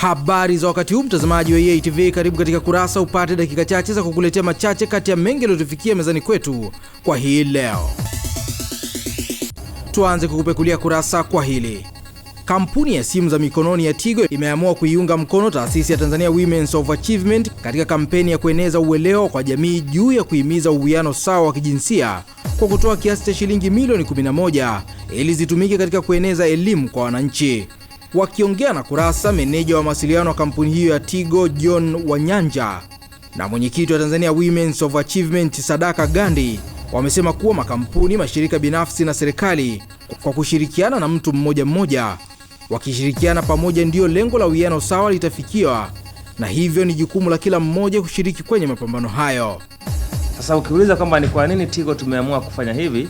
Habari za wakati huu mtazamaji wa eatv karibu katika Kurasa upate dakika chache za kukuletea machache kati ya mengi yaliyotufikia mezani kwetu kwa hii leo. Tuanze kukupekulia kurasa kwa hili. Kampuni ya simu za mikononi ya Tigo imeamua kuiunga mkono taasisi ya Tanzania Women's of Achievement katika kampeni ya kueneza uelewa kwa jamii juu ya kuhimiza uwiano sawa wa kijinsia kwa kutoa kiasi cha shilingi milioni 11 ili zitumike katika kueneza elimu kwa wananchi. Wakiongea na Kurasa, meneja wa mawasiliano wa kampuni hiyo ya Tigo John Wanyanja na mwenyekiti wa Tanzania Women's of Achievement Sadaka Gandhi wamesema kuwa makampuni, mashirika binafsi na serikali kwa kushirikiana na mtu mmoja mmoja, wakishirikiana pamoja, ndiyo lengo la uwiano sawa litafikiwa, na hivyo ni jukumu la kila mmoja kushiriki kwenye mapambano hayo. Sasa ukiuliza kwamba ni kwa nini Tigo tumeamua kufanya hivi,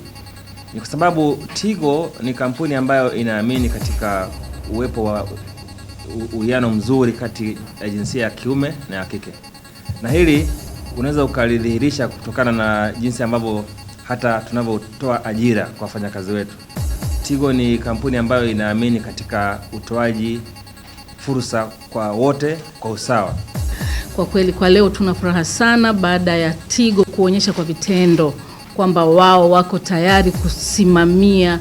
ni kwa sababu Tigo ni kampuni ambayo inaamini katika uwepo wa uwiano mzuri kati ya jinsia ya kiume na ya kike, na hili unaweza ukalidhihirisha kutokana na jinsi ambavyo hata tunavyotoa ajira kwa wafanyakazi wetu. Tigo ni kampuni ambayo inaamini katika utoaji fursa kwa wote kwa usawa. Kwa kweli kwa leo tuna furaha sana baada ya Tigo kuonyesha kwa vitendo kwamba wao wako tayari kusimamia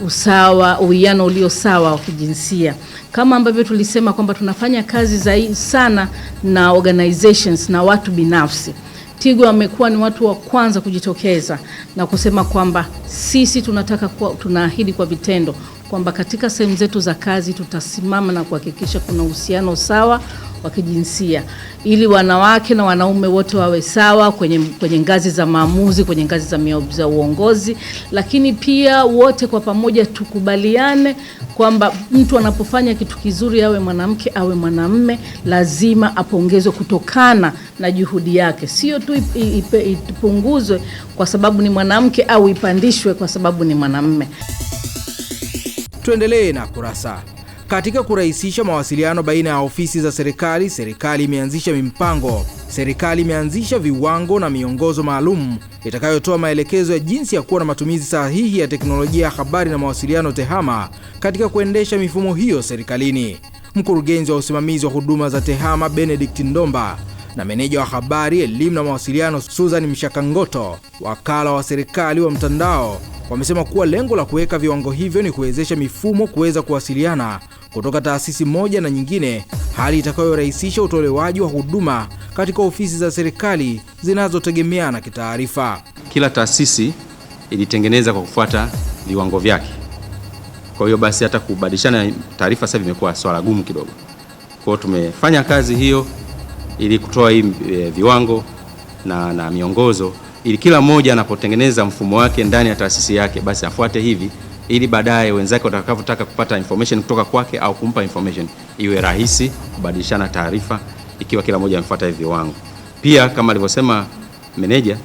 usawa, uwiano ulio sawa wa kijinsia, kama ambavyo tulisema kwamba tunafanya kazi zaidi sana na organizations na watu binafsi. tigo wamekuwa ni watu wa kwanza kujitokeza na kusema kwamba sisi tunataka kuwa, tunaahidi kwa vitendo kwamba katika sehemu zetu za kazi tutasimama na kuhakikisha kuna uhusiano sawa wa kijinsia ili wanawake na wanaume wote wawe sawa kwenye, kwenye ngazi za maamuzi, kwenye ngazi za, za uongozi, lakini pia wote kwa pamoja tukubaliane kwamba mtu anapofanya kitu kizuri, awe mwanamke awe mwanamme, lazima apongezwe kutokana na juhudi yake, sio tu ipunguzwe kwa sababu ni mwanamke au ipandishwe kwa sababu ni mwanamme. Tuendelee na kurasa. Katika kurahisisha mawasiliano baina ya ofisi za serikali, serikali imeanzisha mipango. Serikali imeanzisha viwango na miongozo maalum itakayotoa maelekezo ya jinsi ya kuwa na matumizi sahihi ya teknolojia ya habari na mawasiliano TEHAMA katika kuendesha mifumo hiyo serikalini. Mkurugenzi wa usimamizi wa huduma za TEHAMA Benedict Ndomba na meneja wa habari, elimu na mawasiliano Susan Mshakangoto, wakala wa serikali wa mtandao wamesema kuwa lengo la kuweka viwango hivyo ni kuwezesha mifumo kuweza kuwasiliana kutoka taasisi moja na nyingine, hali itakayorahisisha utolewaji wa huduma katika ofisi za serikali zinazotegemeana kitaarifa. Kila taasisi ilitengeneza kwa kufuata viwango vyake. Kwa hiyo basi hata kubadilishana taarifa sasa vimekuwa swala gumu kidogo. Kwa hiyo tumefanya kazi hiyo ili kutoa hii eh, viwango na, na miongozo ili kila mmoja anapotengeneza mfumo wake ndani ya taasisi yake, basi afuate hivi, ili baadaye wenzake watakavyotaka kupata information kutoka kwake au kumpa information iwe rahisi kubadilishana taarifa, ikiwa kila mmoja amefuata hivi viwango. Pia kama alivyosema meneja,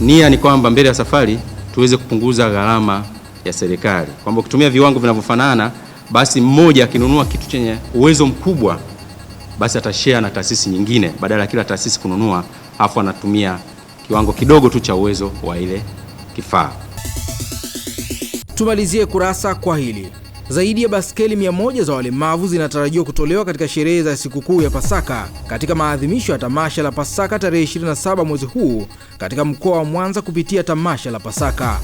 nia ni kwamba mbele ya safari tuweze kupunguza gharama ya serikali, kwamba ukitumia viwango vinavyofanana, basi mmoja akinunua kitu chenye uwezo mkubwa, basi atashare na taasisi nyingine, badala ya kila taasisi kununua afu anatumia kiwango kidogo tu cha uwezo wa ile kifaa. Tumalizie kurasa kwa hili. Zaidi ya baskeli 100 za walemavu zinatarajiwa kutolewa katika sherehe za sikukuu ya Pasaka katika maadhimisho ya tamasha la Pasaka tarehe 27 mwezi huu katika mkoa wa Mwanza kupitia tamasha la Pasaka.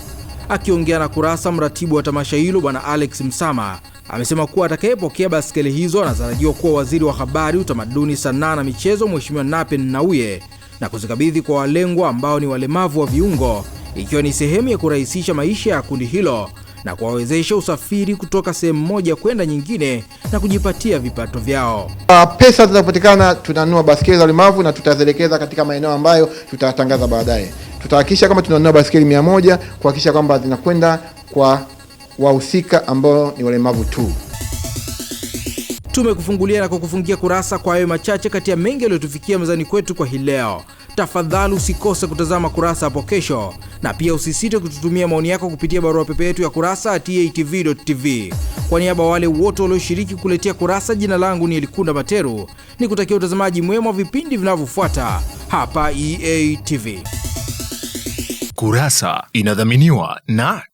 Akiongea na Kurasa, mratibu wa tamasha hilo Bwana Alex Msama amesema kuwa atakayepokea baskeli hizo anatarajiwa kuwa waziri wa habari, utamaduni, sanaa na michezo Mheshimiwa Nape Nnauye na kuzikabidhi kwa walengwa ambao ni walemavu wa viungo, ikiwa ni sehemu ya kurahisisha maisha ya kundi hilo na kuwawezesha usafiri kutoka sehemu moja kwenda nyingine na kujipatia vipato vyao. Ah, pesa zinazopatikana tunanunua basikeli za walemavu na tutazielekeza katika maeneo ambayo tutayatangaza baadaye. Tutahakikisha kama tunanunua basikeli mia moja kuhakikisha kwamba zinakwenda kwa wahusika ambao ni walemavu tu. Tumekufungulia na kukufungia kurasa kwa hayo machache kati ya mengi yaliyotufikia mezani kwetu kwa hii leo. Tafadhali usikose kutazama Kurasa hapo kesho, na pia usisite kututumia maoni yako kupitia barua pepe yetu ya kurasa tatvtv Kwa niaba ya wale wote walioshiriki kuletea Kurasa, jina langu ni Elikunda Materu, ni kutakia utazamaji mwema wa vipindi vinavyofuata hapa EA TV. Kurasa inadhaminiwa na